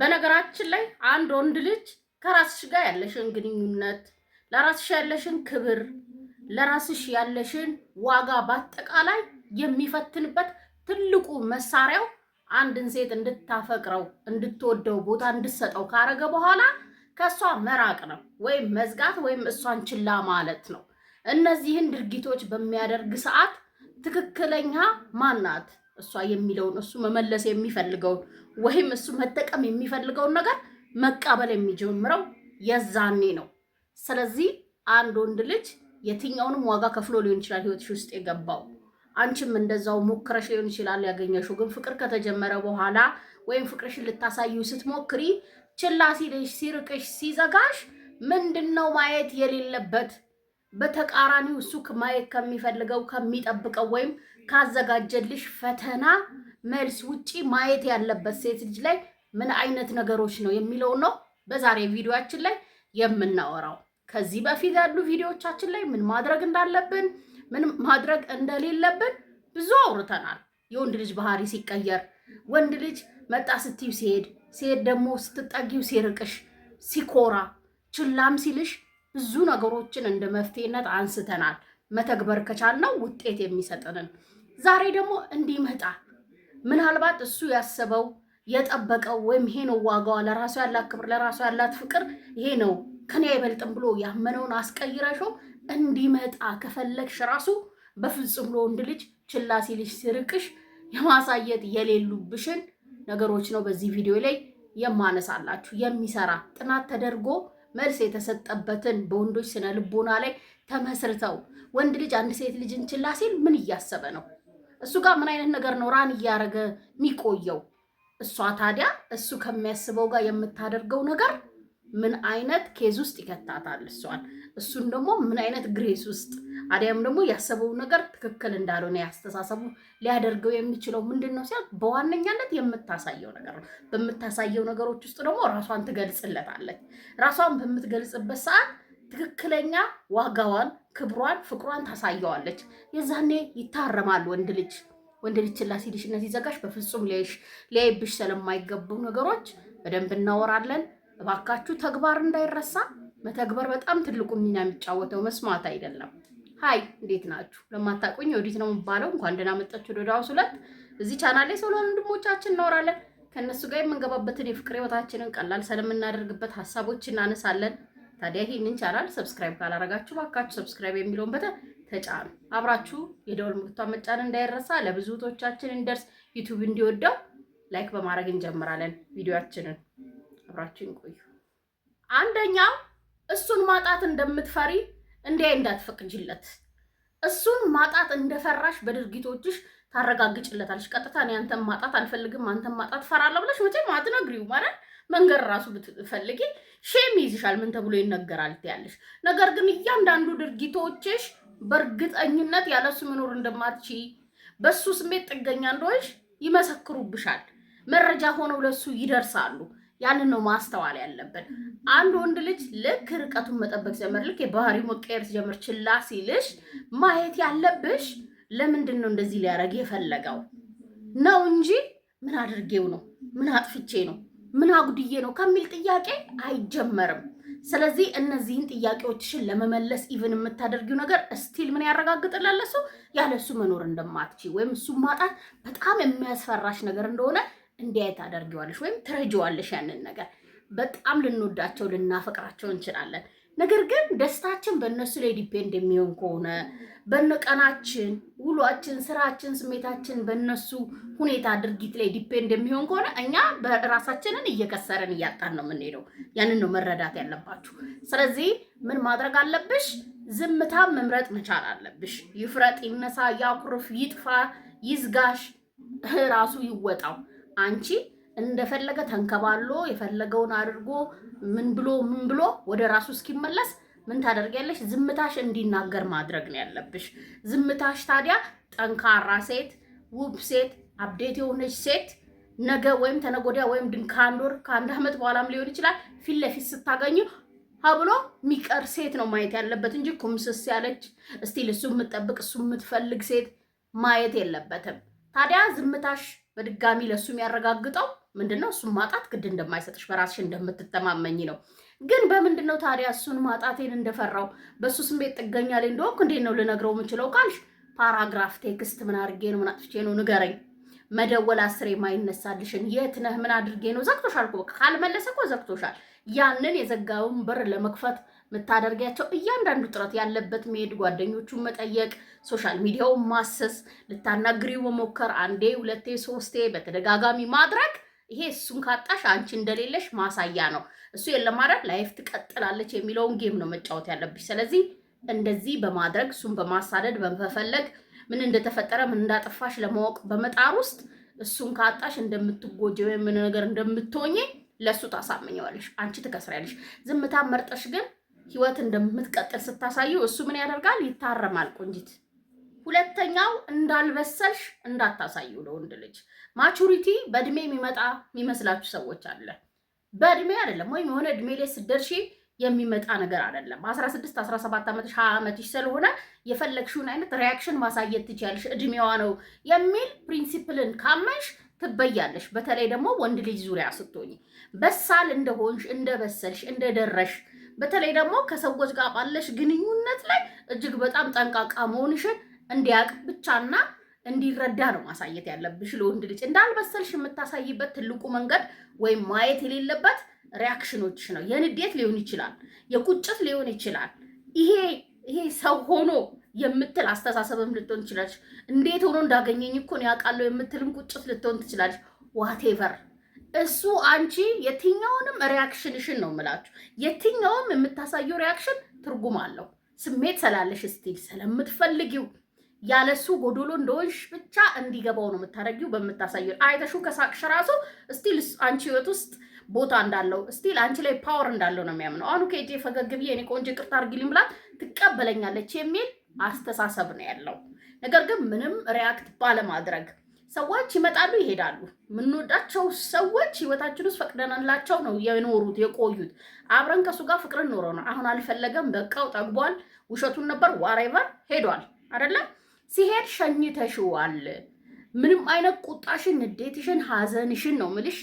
በነገራችን ላይ አንድ ወንድ ልጅ ከራስሽ ጋር ያለሽን ግንኙነት፣ ለራስሽ ያለሽን ክብር፣ ለራስሽ ያለሽን ዋጋ በአጠቃላይ የሚፈትንበት ትልቁ መሳሪያው አንድን ሴት እንድታፈቅረው እንድትወደው ቦታ እንድትሰጠው ካረገ በኋላ ከእሷ መራቅ ነው ወይም መዝጋት ወይም እሷን ችላ ማለት ነው። እነዚህን ድርጊቶች በሚያደርግ ሰዓት ትክክለኛ ማናት እሷ የሚለውን እሱ መመለስ የሚፈልገውን ወይም እሱ መጠቀም የሚፈልገውን ነገር መቀበል የሚጀምረው የዛኔ ነው። ስለዚህ አንድ ወንድ ልጅ የትኛውንም ዋጋ ከፍሎ ሊሆን ይችላል ህይወትሽ ውስጥ የገባው። አንቺም እንደዛው ሞክረሽ ሊሆን ይችላል ያገኘሽው። ግን ፍቅር ከተጀመረ በኋላ ወይም ፍቅርሽን ልታሳዩ ስትሞክሪ ችላ ሲልሽ፣ ሲርቅሽ፣ ሲዘጋሽ ምንድን ነው ማየት የሌለበት በተቃራኒው እሱ ማየት ከሚፈልገው ከሚጠብቀው ወይም ካዘጋጀልሽ ፈተና መልስ ውጪ ማየት ያለበት ሴት ልጅ ላይ ምን አይነት ነገሮች ነው የሚለው ነው በዛሬ ቪዲዮአችን ላይ የምናወራው። ከዚህ በፊት ያሉ ቪዲዮዎቻችን ላይ ምን ማድረግ እንዳለብን፣ ምን ማድረግ እንደሌለብን ብዙ አውርተናል። የወንድ ልጅ ባህሪ ሲቀየር፣ ወንድ ልጅ መጣ ስትይው ሲሄድ፣ ሲሄድ ደግሞ ስትጠጊው ሲርቅሽ፣ ሲኮራ፣ ችላም ሲልሽ ብዙ ነገሮችን እንደ መፍትሄነት አንስተናል። መተግበር ከቻልነው ውጤት የሚሰጥንን ዛሬ ደግሞ እንዲመጣ ምናልባት እሱ ያሰበው የጠበቀው ወይም ይሄ ነው ዋጋዋ፣ ለራሱ ያላት ክብር፣ ለራሱ ያላት ፍቅር ይሄ ነው ከኔ አይበልጥም ብሎ ያመነውን አስቀይረሽው እንዲመጣ ከፈለግሽ ራሱ በፍጹም ለወንድ ልጅ ችላ ሲልሽ ሲርቅሽ የማሳየት የሌሉብሽን ነገሮች ነው በዚህ ቪዲዮ ላይ የማነሳላችሁ። የሚሰራ ጥናት ተደርጎ መልስ የተሰጠበትን በወንዶች ስነ ልቦና ላይ ተመስርተው ወንድ ልጅ አንድ ሴት ልጅን ችላ ሲል ምን እያሰበ ነው? እሱ ጋር ምን አይነት ነገር ነው ራን እያደረገ የሚቆየው? እሷ ታዲያ እሱ ከሚያስበው ጋር የምታደርገው ነገር ምን አይነት ኬዝ ውስጥ ይከታታል እሷን? እሱን ደግሞ ምን አይነት ግሬስ ውስጥ አዲያም ደግሞ ያሰበው ነገር ትክክል እንዳልሆነ ያስተሳሰቡ ሊያደርገው የሚችለው ምንድን ነው ሲያል፣ በዋነኛነት የምታሳየው ነገር ነው። በምታሳየው ነገሮች ውስጥ ደግሞ ራሷን ትገልጽለታለች። ራሷን በምትገልጽበት ሰዓት ትክክለኛ ዋጋዋን ክብሯን ፍቅሯን ታሳየዋለች። የዛኔ ይታረማል ወንድ ልጅ ወንድ ልጅ ችላ ሲልሽ እነዚህ ዘጋሽ በፍጹም ሊያይሽ ሊያይብሽ ስለማይገቡ ነገሮች በደንብ እናወራለን። እባካችሁ ተግባር እንዳይረሳ መተግበር በጣም ትልቁ ሚና የሚጫወተው መስማት አይደለም። ሀይ እንዴት ናችሁ? ለማታቆኝ ወዲት ነው የምባለው። እንኳን ደህና መጣችሁ ዶዳ ሁለት። እዚህ ቻናል ላይ ስለ ወንድሞቻችን እናወራለን። ከእነሱ ጋር የምንገባበትን የፍቅር ህይወታችንን ቀላል ስለምናደርግበት ሀሳቦች እናነሳለን። ታዲያ ይህንን ቻናል ሰብስክራይብ ካላረጋችሁ ባካችሁ ሰብስክራይብ የሚለውን በተን ተጫኑ። አብራችሁ የደወል ምልክቷን መጫን እንዳይረሳ፣ ለብዙ እህቶቻችን እንደርስ ዩቱብ እንዲወደው ላይክ በማድረግ እንጀምራለን። ቪዲዮአችንን አብራችሁ ቆዩ። አንደኛው እሱን ማጣት እንደምትፈሪ እንዲ እንዳትፈቅጅለት፣ እሱን ማጣት እንደፈራሽ በድርጊቶችሽ ታረጋግጭለታለሽ። ቀጥታ እኔ አንተን ማጣት አልፈልግም፣ አንተን ማጣት ፈራለሁ ብለሽ መቼም አትነግሪው ማለት መንገድ ራሱ ብትፈልጊ ሼም ይዝሻል፣ ምን ተብሎ ይነገራል ትያለሽ። ነገር ግን እያንዳንዱ ድርጊቶችሽ በእርግጠኝነት ያለሱ መኖር እንደማትች በሱ ስሜት ጥገኛ እንደሆንሽ ይመሰክሩብሻል። መረጃ ሆነው ለሱ ይደርሳሉ። ያንን ነው ማስተዋል ያለብን። አንድ ወንድ ልጅ ልክ ርቀቱን መጠበቅ ሲጀምር፣ ልክ የባህሪው መቀየር ሲጀምር ችላ ሲልሽ ማየት ያለብሽ ለምንድን ነው እንደዚህ ሊያደርግ የፈለገው ነው እንጂ ምን አድርጌው ነው ምን አጥፍቼ ነው ምን አጉድዬ ነው ከሚል ጥያቄ አይጀመርም። ስለዚህ እነዚህን ጥያቄዎችሽን ለመመለስ ኢቭን የምታደርጊው ነገር እስቲል ምን ያረጋግጥላለ እሱ ያለ እሱ መኖር እንደማትች ወይም እሱ ማጣት በጣም የሚያስፈራሽ ነገር እንደሆነ እንዲያይ ታደርጊዋለሽ ወይም ትረጂዋለሽ። ያንን ነገር በጣም ልንወዳቸው ልናፈቅራቸው እንችላለን። ነገር ግን ደስታችን በእነሱ ላይ ዲፔንድ የሚሆን ከሆነ በነቀናችን፣ ውሏችን፣ ስራችን፣ ስሜታችን በእነሱ ሁኔታ ድርጊት ላይ ዲፔንድ የሚሆን ከሆነ እኛ ራሳችንን እየከሰረን እያጣን ነው የምንሄደው። ያንን ነው መረዳት ያለባችሁ። ስለዚህ ምን ማድረግ አለብሽ? ዝምታ መምረጥ መቻል አለብሽ። ይፍረጥ፣ ይነሳ፣ ያኩርፍ፣ ይጥፋ፣ ይዝጋሽ፣ ራሱ ይወጣው። አንቺ እንደፈለገ ተንከባሎ የፈለገውን አድርጎ ምን ብሎ ምን ብሎ ወደ ራሱ እስኪመለስ ምን ታደርጊያለሽ? ዝምታሽ እንዲናገር ማድረግ ነው ያለብሽ። ዝምታሽ ታዲያ ጠንካራ ሴት፣ ውብ ሴት፣ አብዴት የሆነች ሴት ነገ ወይም ተነጎዲያ ወይም ድን ከአንድ ወር ከአንድ ዓመት በኋላም ሊሆን ይችላል ፊት ለፊት ስታገኙ ሀብሎ የሚቀር ሴት ነው ማየት ያለበት እንጂ ኩምስስ ያለች እስቲል እሱ የምጠብቅ እሱ የምትፈልግ ሴት ማየት የለበትም። ታዲያ ዝምታሽ በድጋሚ ለእሱ የሚያረጋግጠው ምንድነው እሱን ማጣት ግድ እንደማይሰጥሽ በራስሽ እንደምትተማመኝ ነው። ግን በምንድነው ታዲያ እሱን ማጣቴን እንደፈራው በእሱ ስሜት ጥገኛ ላይ እንደሆንኩ እንዴት ነው ልነግረው የምችለው ካልሽ ፓራግራፍ ቴክስት ምን አድርጌ ነው ምን አጥፍቼ ነው ንገረኝ። መደወል አስሬ ማይነሳልሽን የት ነህ ምን አድርጌ ነው ዘግቶሻል እኮ ካልመለሰ እኮ ዘግቶሻል። ያንን የዘጋውን በር ለመክፈት የምታደርጊያቸው እያንዳንዱ ጥረት ያለበት መሄድ፣ ጓደኞቹን መጠየቅ፣ ሶሻል ሚዲያውን ማሰስ፣ ልታናግሪው መሞከር፣ አንዴ ሁለቴ ሶስቴ በተደጋጋሚ ማድረግ ይሄ እሱን ካጣሽ አንቺ እንደሌለሽ ማሳያ ነው። እሱ የለማረግ ላይፍ ትቀጥላለች የሚለውን ጌም ነው መጫወት ያለብሽ። ስለዚህ እንደዚህ በማድረግ እሱን በማሳደድ በመፈለግ ምን እንደተፈጠረ ምን እንዳጠፋሽ ለማወቅ በመጣር ውስጥ እሱን ካጣሽ እንደምትጎጀ ወይም ምን ነገር እንደምትሆኝ ለእሱ ታሳምኘዋለሽ፣ አንቺ ትከስሪያለሽ። ዝምታ መርጠሽ ግን ህይወት እንደምትቀጥል ስታሳየው እሱ ምን ያደርጋል? ይታረማል ቆንጂት ሁለተኛው እንዳልበሰልሽ እንዳታሳዩ ለወንድ ልጅ ማቹሪቲ በእድሜ የሚመጣ የሚመስላችሁ ሰዎች አለ። በእድሜ አይደለም፣ ወይም የሆነ እድሜ ላይ ስትደርሺ የሚመጣ ነገር አይደለም። 16 17 ዓመትሽ 20 ዓመትሽ ስለሆነ የፈለግሽውን አይነት ሪያክሽን ማሳየት ትችያለሽ። እድሜዋ ነው የሚል ፕሪንሲፕልን ካመሽ ትበያለሽ። በተለይ ደግሞ ወንድ ልጅ ዙሪያ ስትሆኝ በሳል እንደሆንሽ፣ እንደበሰልሽ፣ እንደደረሽ በተለይ ደግሞ ከሰዎች ጋር ባለሽ ግንኙነት ላይ እጅግ በጣም ጠንቃቃ መሆንሽን እንዲያውቅ ብቻና እንዲረዳ ነው ማሳየት ያለብሽ። ለወንድ ልጅ እንዳልበሰልሽ የምታሳይበት ትልቁ መንገድ ወይም ማየት የሌለበት ሪያክሽኖች ነው። የንዴት ሊሆን ይችላል፣ የቁጭት ሊሆን ይችላል። ይሄ ይሄ ሰው ሆኖ የምትል አስተሳሰብም ልትሆን ትችላለች። እንዴት ሆኖ እንዳገኘኝ እኮ ነው ያውቃለሁ የምትልም ቁጭት ልትሆን ትችላለች። ዋቴቨር እሱ አንቺ የትኛውንም ሪያክሽንሽን ነው የምላችሁ፣ የትኛውም የምታሳየው ሪያክሽን ትርጉም አለው። ስሜት ስላለሽ ስቲል ስለምትፈልጊው ያለሱ ጎዶሎ እንደሆንሽ ብቻ እንዲገባው ነው የምታደርጊው። በምታሳየው አይተሹ ከሳቅሽ ራሱ ስቲል አንቺ ህይወት ውስጥ ቦታ እንዳለው ስቲል አንቺ ላይ ፓወር እንዳለው ነው የሚያምነው። አሁኑ ከእጄ ፈገግ ብዬ እኔ ቆንጆ ይቅርታ አድርጊልኝ ብላ ትቀበለኛለች የሚል አስተሳሰብ ነው ያለው። ነገር ግን ምንም ሪያክት ባለማድረግ ሰዎች ይመጣሉ ይሄዳሉ። የምንወዳቸው ሰዎች ህይወታችን ውስጥ ፈቅደንላቸው ነው የኖሩት የቆዩት። አብረን ከሱ ጋር ፍቅርን ኖረው ነው አሁን አልፈለገም፣ በቃው ጠግቧል፣ ውሸቱን ነበር፣ ዋሬቨር ሄዷል አይደለም ሲሄድ ሸኝተሽዋል። ምንም አይነት ቁጣሽን፣ ንዴትሽን፣ ሀዘንሽን ነው ምልሽ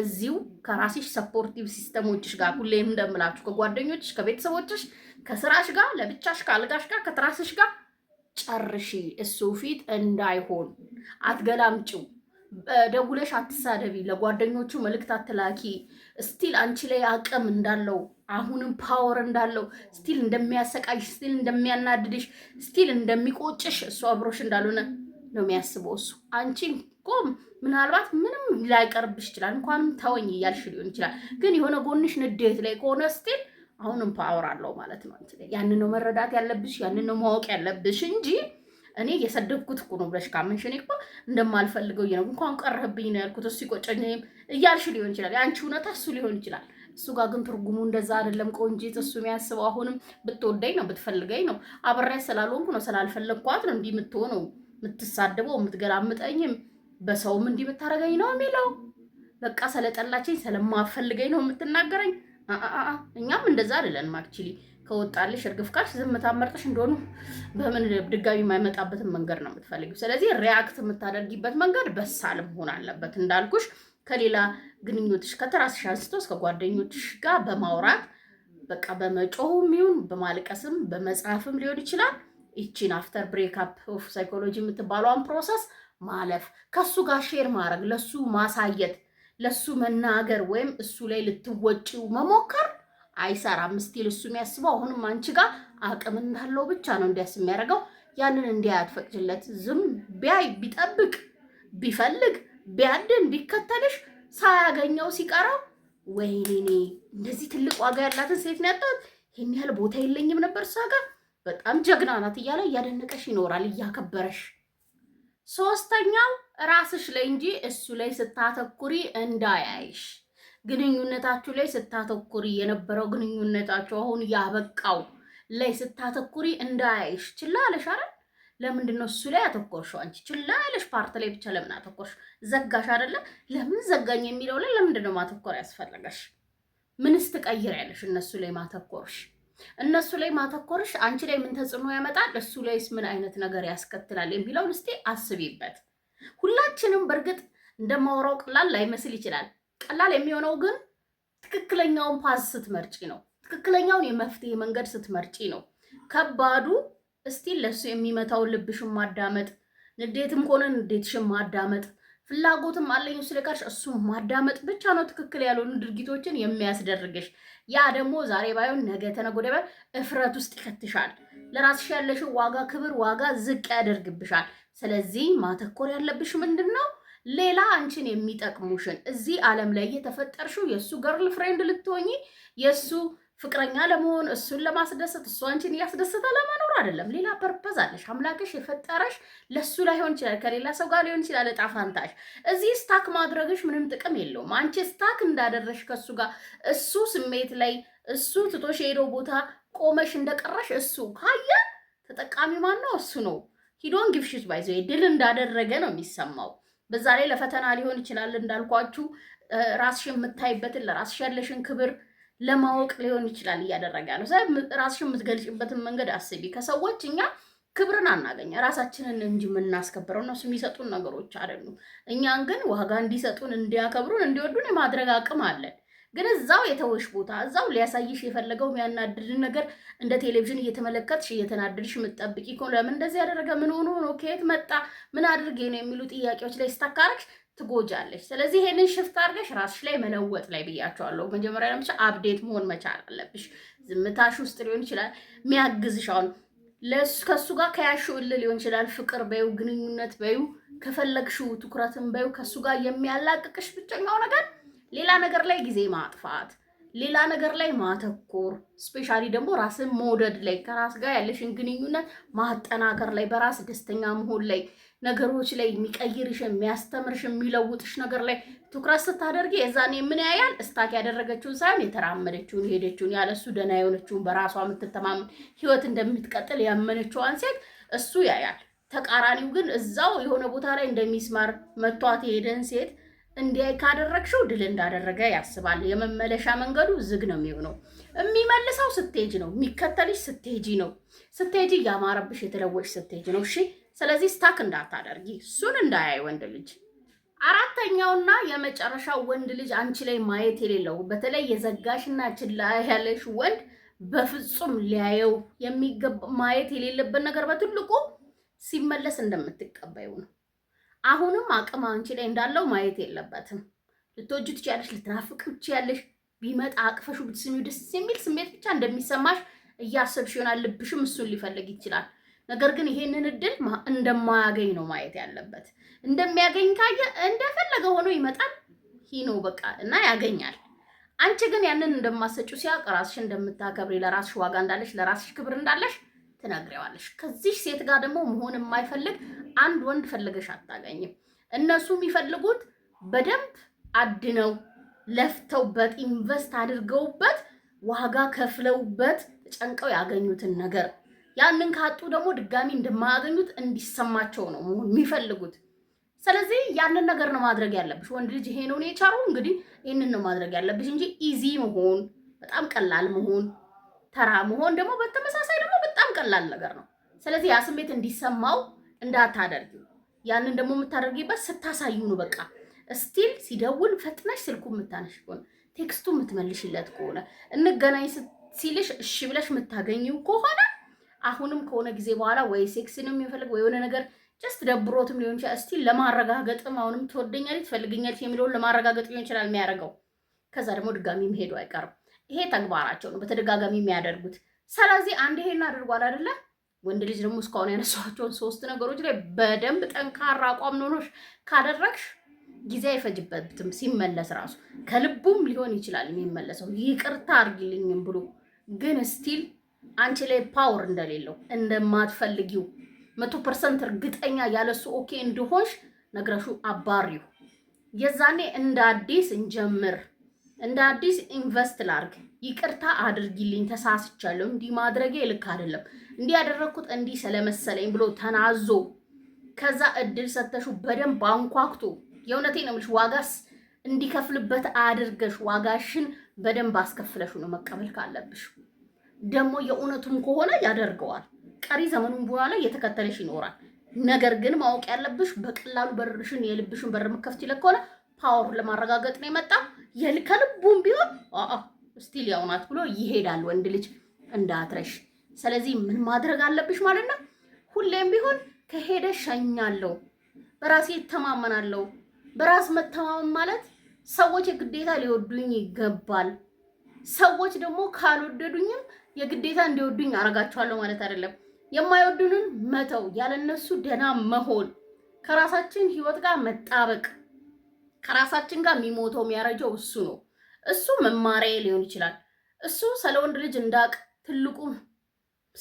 እዚው ከራስሽ ሰፖርቲቭ ሲስተሞችሽ ጋር ሁሌም እንደምላችሁ ከጓደኞችሽ፣ ከቤተሰቦችሽ፣ ከስራሽ ጋር ለብቻሽ፣ ከአልጋሽ ጋር ከትራስሽ ጋር ጨርሺ። እሱ ፊት እንዳይሆን አትገላምጭው። ደውለሽ አትሳደቢ፣ ለጓደኞቹ መልእክት አትላኪ። ስቲል አንቺ ላይ አቅም እንዳለው አሁንም ፓወር እንዳለው ስቲል እንደሚያሰቃይሽ፣ ስቲል እንደሚያናድድሽ፣ ስቲል እንደሚቆጭሽ እሱ አብሮሽ እንዳልሆነ ነው የሚያስበው እሱ። አንቺ እኮ ምናልባት ምንም ላይቀርብሽ ይችላል፣ እንኳንም ተወኝ እያልሽ ሊሆን ይችላል። ግን የሆነ ጎንሽ ንዴት ላይ ከሆነ ስቲል አሁንም ፓወር አለው ማለት ነው። ያንን ነው መረዳት ያለብሽ፣ ያንን ነው ማወቅ ያለብሽ እንጂ እኔ የሰደብኩት እኮ ነው ብለሽ ካመንሽ እኔ እኮ እንደማልፈልገው እየነ እንኳን ቀረህብኝ ነው ያልኩት። እሱ ይቆጨኝም እያልሽ ሊሆን ይችላል። የአንቺ እውነታ እሱ ሊሆን ይችላል። እሱ ጋር ግን ትርጉሙ እንደዛ አይደለም ቆንጂት። እሱ የሚያስበው አሁንም ብትወደኝ ነው ብትፈልገኝ ነው አብሬያት ስላልሆንኩ ነው ስላልፈለግኳት ነው እንዲህ የምትሆነው የምትሳደበው የምትገላምጠኝም በሰውም እንዲህ የምታደርገኝ ነው የሚለው። በቃ ስለጠላችኝ ስለማፈልገኝ ነው የምትናገረኝ። እኛም እንደዛ አይደለንም አክቹሊ ከወጣልሽ እርግፍ ካልሽ ዝምታ መርጠሽ እንደሆኑ በምን ድጋሚ የማይመጣበትን መንገድ ነው የምትፈልጊው። ስለዚህ ሪያክት የምታደርጊበት መንገድ በሳል መሆን አለበት። እንዳልኩሽ ከሌላ ግንኙነትሽ ከተራስሽ አንስቶ እስከ ጓደኞችሽ ጋር በማውራት በቃ በመጮህም ይሁን በማልቀስም በመጽሐፍም ሊሆን ይችላል። ይቺን አፍተር ብሬክ ኦፍ ሳይኮሎጂ የምትባለውን ፕሮሰስ ማለፍ፣ ከሱ ጋር ሼር ማድረግ፣ ለሱ ማሳየት፣ ለሱ መናገር ወይም እሱ ላይ ልትወጪው መሞከር አይሰራም። ስቲል እሱ የሚያስበው አሁንም አንቺ ጋር አቅም እንዳለው ብቻ ነው እንዲያስ የሚያደርገው። ያንን እንዲያይ አትፈቅጂለት። ዝም ቢያይ ቢጠብቅ ቢፈልግ ቢያድን ቢከተልሽ ሳያገኘው ሲቀረው ወይኔኔ እንደዚህ ትልቅ ዋጋ ያላትን ሴት ነው ያጣት፣ ይህን ያህል ቦታ የለኝም ነበር እሷ ጋር በጣም ጀግና ናት እያለ እያደነቀሽ ይኖራል፣ እያከበረሽ። ሶስተኛው ራስሽ ላይ እንጂ እሱ ላይ ስታተኩሪ እንዳያይሽ ግንኙነታችሁ ላይ ስታተኩሪ የነበረው ግንኙነታችሁ አሁን ያበቃው ላይ ስታተኩሪ እንዳያይሽ ችላ አለሽ አይደል? ለምንድን ነው እሱ ላይ አተኮርሽው? አንቺ ችላ አለሽ ፓርት ላይ ብቻ ለምን አተኮርሽ? ዘጋሽ አይደለ? ለምን ዘጋኝ የሚለው ላይ ለምንድን ነው ማተኮር ያስፈለገሽ? ምንስ ትቀይሪያለሽ? እነሱ ላይ ማተኮርሽ እነሱ ላይ ማተኮርሽ አንቺ ላይ ምን ተጽዕኖ ያመጣል፣ እሱ ላይስ ምን አይነት ነገር ያስከትላል የሚለውን እስቲ አስቢበት። ሁላችንም በእርግጥ እንደማወራው ቀላል ላይመስል ይችላል። ቀላል የሚሆነው ግን ትክክለኛውን ፓዝ ስትመርጪ ነው። ትክክለኛውን የመፍትሄ መንገድ ስትመርጪ ነው። ከባዱ እስቲ ለሱ የሚመታው ልብሽን ማዳመጥ፣ ንዴትም ከሆነ ንዴትሽን ማዳመጥ፣ ፍላጎትም አለኝ ስለቀርሽ እሱ ማዳመጥ ብቻ ነው ትክክል ያልሆኑ ድርጊቶችን የሚያስደርግሽ። ያ ደግሞ ዛሬ ባይሆን ነገ ተነጎደበ እፍረት ውስጥ ይከትሻል። ለራስሽ ያለሽው ዋጋ ክብር ዋጋ ዝቅ ያደርግብሻል። ስለዚህ ማተኮር ያለብሽ ምንድን ነው? ሌላ አንቺን የሚጠቅሙሽን እዚህ ዓለም ላይ የተፈጠርሽው የእሱ ገርል ፍሬንድ ልትሆኚ የእሱ ፍቅረኛ ለመሆን እሱን ለማስደሰት እሱ አንቺን እያስደሰተ ለመኖር አይደለም። ሌላ ፐርፐዝ አለሽ። አምላክሽ የፈጠረሽ ለሱ ላይሆን ይችላል፣ ከሌላ ሰው ጋር ሊሆን ይችላል እጣ ፈንታሽ። እዚህ ስታክ ማድረግሽ ምንም ጥቅም የለውም። አንቺ ስታክ እንዳደረሽ ከሱ ጋር እሱ ስሜት ላይ እሱ ትቶሽ የሄደው ቦታ ቆመሽ እንደቀረሽ እሱ ካየ ተጠቃሚ ማን ነው? እሱ ነው። ሂዶን ግብሽት ባይዘ ድል እንዳደረገ ነው የሚሰማው። በዛ ላይ ለፈተና ሊሆን ይችላል እንዳልኳችሁ ራስሽ የምታይበትን ለራስሽ ያለሽን ክብር ለማወቅ ሊሆን ይችላል እያደረገ ያለው። ራስሽ የምትገልጭበትን መንገድ አስቢ። ከሰዎች እኛ ክብርን አናገኝ፣ ራሳችንን እንጂ የምናስከብረው እነሱ የሚሰጡን ነገሮች አይደሉም። እኛን ግን ዋጋ እንዲሰጡን፣ እንዲያከብሩን፣ እንዲወዱን የማድረግ አቅም አለን። ግን እዛው የተወሽ ቦታ እዛው ሊያሳይሽ የፈለገው የሚያናድድን ነገር እንደ ቴሌቪዥን እየተመለከትሽ እየተናደድሽ የምትጠብቂ ከሆነ ለምን እንደዚህ ያደረገ ምን ሆኖ ነው ከየት መጣ ምን አድርጌ ነው የሚሉ ጥያቄዎች ላይ ስታካረክሽ ትጎጃለሽ። ስለዚህ ይሄንን ሽፍት አድርገሽ ራስሽ ላይ መለወጥ ላይ ብያቸዋለሁ። መጀመሪያ ለምቻ አፕዴት መሆን መቻል አለብሽ። ዝምታሽ ውስጥ ሊሆን ይችላል የሚያግዝሽ አሁን ከእሱ ጋር ከያሹ እል ሊሆን ይችላል ፍቅር በዩ ግንኙነት በዩ ከፈለግሽው ትኩረትን በዩ ከእሱ ጋር የሚያላቅቅሽ ብቸኛው ነገር ሌላ ነገር ላይ ጊዜ ማጥፋት፣ ሌላ ነገር ላይ ማተኮር፣ ስፔሻሊ ደግሞ ራስን መውደድ ላይ ከራስ ጋር ያለሽን ግንኙነት ማጠናከር ላይ በራስ ደስተኛ መሆን ላይ ነገሮች ላይ የሚቀይርሽ የሚያስተምርሽ የሚለውጥሽ ነገር ላይ ትኩረት ስታደርጊ የዛኔ ምን ያያል? እስታክ ያደረገችውን ሳይሆን የተራመደችውን የሄደችውን ያለሱ ደህና የሆነችውን በራሷ የምትተማመን ህይወት እንደምትቀጥል ያመነችዋን ሴት እሱ ያያል። ተቃራኒው ግን እዛው የሆነ ቦታ ላይ እንደሚስማር መቷት የሄደን ሴት እንዲያይ ካደረግሽው ድል እንዳደረገ ያስባል። የመመለሻ መንገዱ ዝግ ነው የሚሆነው። የሚመልሰው ስትሄጂ ነው፣ የሚከተልሽ ስትሄጂ ነው። ስትሄጂ ያማረብሽ የተለወሽ ስትሄጂ ነው። እሺ፣ ስለዚህ ስታክ እንዳታደርጊ፣ እሱን እንዳያይ ወንድ ልጅ። አራተኛውና የመጨረሻው ወንድ ልጅ አንቺ ላይ ማየት የሌለው በተለይ የዘጋሽና ችላ ያለሽ ወንድ በፍጹም ሊያየው የሚገባ ማየት የሌለበት ነገር በትልቁ ሲመለስ እንደምትቀበዩ ነው። አሁንም አቅም አንቺ ላይ እንዳለው ማየት የለበትም። ልትወጁ ትችያለሽ፣ ልትናፍቅ ትችያለሽ። ቢመጣ አቅፈሹ ብትስሚው ደስ የሚል ስሜት ብቻ እንደሚሰማሽ እያሰብሽ ይሆናል። ልብሽም እሱን ሊፈልግ ይችላል። ነገር ግን ይሄንን እድል እንደማያገኝ ነው ማየት ያለበት። እንደሚያገኝ ካየ እንደፈለገ ሆኖ ይመጣል። ሂ ነው በቃ እና ያገኛል። አንቺ ግን ያንን እንደማሰጩ ሲያውቅ ራስሽ እንደምታከብሪ፣ ለራስሽ ዋጋ እንዳለሽ፣ ለራስሽ ክብር እንዳለሽ ትነግሪዋለሽ። ከዚህ ሴት ጋር ደግሞ መሆን የማይፈልግ አንድ ወንድ ፈልገሽ አታገኝም። እነሱ የሚፈልጉት በደንብ አድነው ለፍተውበት ኢንቨስት አድርገውበት ዋጋ ከፍለውበት ጨንቀው ያገኙትን ነገር ያንን ካጡ ደግሞ ድጋሚ እንደማያገኙት እንዲሰማቸው ነው መሆን የሚፈልጉት። ስለዚህ ያንን ነገር ነው ማድረግ ያለብሽ። ወንድ ልጅ ይሄ ነው የቻሩ እንግዲህ ይህንን ነው ማድረግ ያለብሽ እንጂ ኢዚ መሆን በጣም ቀላል መሆን ተራ መሆን ደግሞ በተመሳሳይ ደግሞ ቀላል ነገር ነው። ስለዚህ ያ ስሜት እንዲሰማው እንዳታደርጊ ያንን ደግሞ የምታደርጊበት ስታሳዩ ነው። በቃ እስቲል ሲደውል ፈጥነሽ ስልኩ የምታነሽ ከሆነ ቴክስቱ የምትመልሽለት ከሆነ እንገናኝ ሲልሽ እሺ ብለሽ የምታገኘው ከሆነ አሁንም ከሆነ ጊዜ በኋላ ወይ ሴክስንም የሚፈልግ ወይ የሆነ ነገር ጀስት ደብሮትም ሊሆን ይችላል። እስቲል ለማረጋገጥም አሁንም ትወደኛለች ትፈልገኛለች የሚለውን ለማረጋገጥ ሊሆን ይችላል የሚያደርገው። ከዛ ደግሞ ድጋሚ መሄዱ አይቀርም። ይሄ ተግባራቸው ነው በተደጋጋሚ የሚያደርጉት። ስለዚህ አንድ ይሄን አድርጓል አይደለ? ወንድ ልጅ ደግሞ እስካሁን ያነሳኋቸውን ሶስት ነገሮች ላይ በደንብ ጠንካራ አቋም ኖሮሽ ካደረግሽ ጊዜ አይፈጅበትም። ሲመለስ ራሱ ከልቡም ሊሆን ይችላል የሚመለሰው። ይቅርታ አርግልኝም ብሎ ግን ስቲል አንቺ ላይ ፓወር እንደሌለው እንደማትፈልጊው መቶ ፐርሰንት እርግጠኛ ያለሱ ኦኬ እንደሆንሽ ነግረሹ አባሪው የዛኔ እንደ አዲስ እንጀምር። እንደ አዲስ ኢንቨስት ላርግ። ይቅርታ አድርጊልኝ ተሳስቻለሁ፣ እንዲህ ማድረጌ ልክ አይደለም፣ እንዲህ ያደረግኩት እንዲህ ስለመሰለኝ ብሎ ተናዞ ከዛ እድል ሰተሹ በደንብ አንኳኩቶ የእውነቴን ነው የምልሽ ዋጋስ እንዲከፍልበት አድርገሽ ዋጋሽን በደንብ አስከፍለሹ ነው መቀበል ካለብሽ። ደግሞ የእውነቱም ከሆነ ያደርገዋል። ቀሪ ዘመኑን በኋላ እየተከተለሽ ይኖራል። ነገር ግን ማወቅ ያለብሽ በቀላሉ በርሽን የልብሽን በር መከፍት ይለ ከሆነ ፓወር ለማረጋገጥ ነው የመጣ የልከል ስቲል ያው ናት ብሎ ይሄዳል ወንድ ልጅ እንዳትረሽ። ስለዚህ ምን ማድረግ አለብሽ ማለት ነው? ሁሌም ቢሆን ከሄደ ሸኛለሁ፣ በራሴ ይተማመናለሁ። በራስ መተማመን ማለት ሰዎች የግዴታ ሊወዱኝ ይገባል። ሰዎች ደግሞ ካልወደዱኝም የግዴታ እንዲወዱኝ አረጋቸዋለሁ ማለት አይደለም። የማይወዱንን መተው፣ ያለነሱ ደህና መሆን፣ ከራሳችን ህይወት ጋር መጣበቅ። ከራሳችን ጋር የሚሞተው የሚያረጀው እሱ ነው። እሱ መማሪያ ሊሆን ይችላል። እሱ ስለ ልጅ እንዳቅ ትልቁ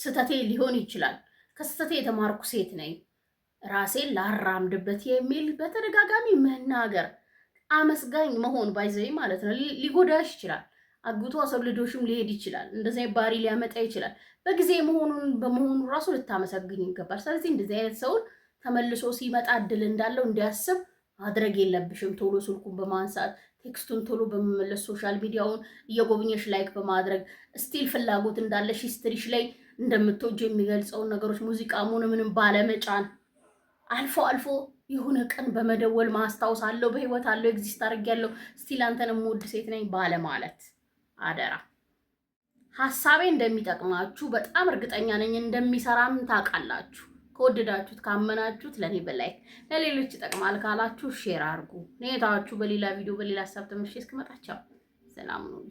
ስተቴ ሊሆን ይችላል። ከስተቴ የተማርኩ ሴት ነኝ ራሴን ላራምድበት የሚል በተደጋጋሚ መናገር አመስጋኝ መሆን ባይዘይ ማለት ነው። ሊጎዳሽ ይችላል። አግብቶ አስወልዶሽም ሊሄድ ይችላል። እንደዚህ ባህሪ ሊያመጣ ይችላል። በጊዜ መሆኑን በመሆኑ ራሱ ልታመሰግኝ ይገባል። ስለዚህ እንደዚህ አይነት ሰውን ተመልሶ ሲመጣ እድል እንዳለው እንዲያስብ ማድረግ የለብሽም። ቶሎ ስልኩን በማንሳት ቴክስቱን ቶሎ በመመለስ ሶሻል ሚዲያውን እየጎብኘሽ ላይክ በማድረግ ስቲል ፍላጎት እንዳለሽ ሂስትሪሽ ላይ እንደምትወጅ የሚገልጸውን ነገሮች ሙዚቃ ሙን ምንም ባለመጫን አልፎ አልፎ የሆነ ቀን በመደወል ማስታወስ አለው በህይወት አለው ኤግዚስት አድርጌያለሁ ስቲል አንተን የምወድ ሴት ነኝ ባለማለት አደራ። ሀሳቤ እንደሚጠቅማችሁ በጣም እርግጠኛ ነኝ፣ እንደሚሰራም ታውቃላችሁ። ከወደዳችሁት ካመናችሁት፣ ለእኔ በላይ ለሌሎች ይጠቅማል ካላችሁ ሼር አድርጉ። ኔታችሁ በሌላ ቪዲዮ በሌላ ሀሳብ ተመሽ እስክመጣቸው ሰላም ነው።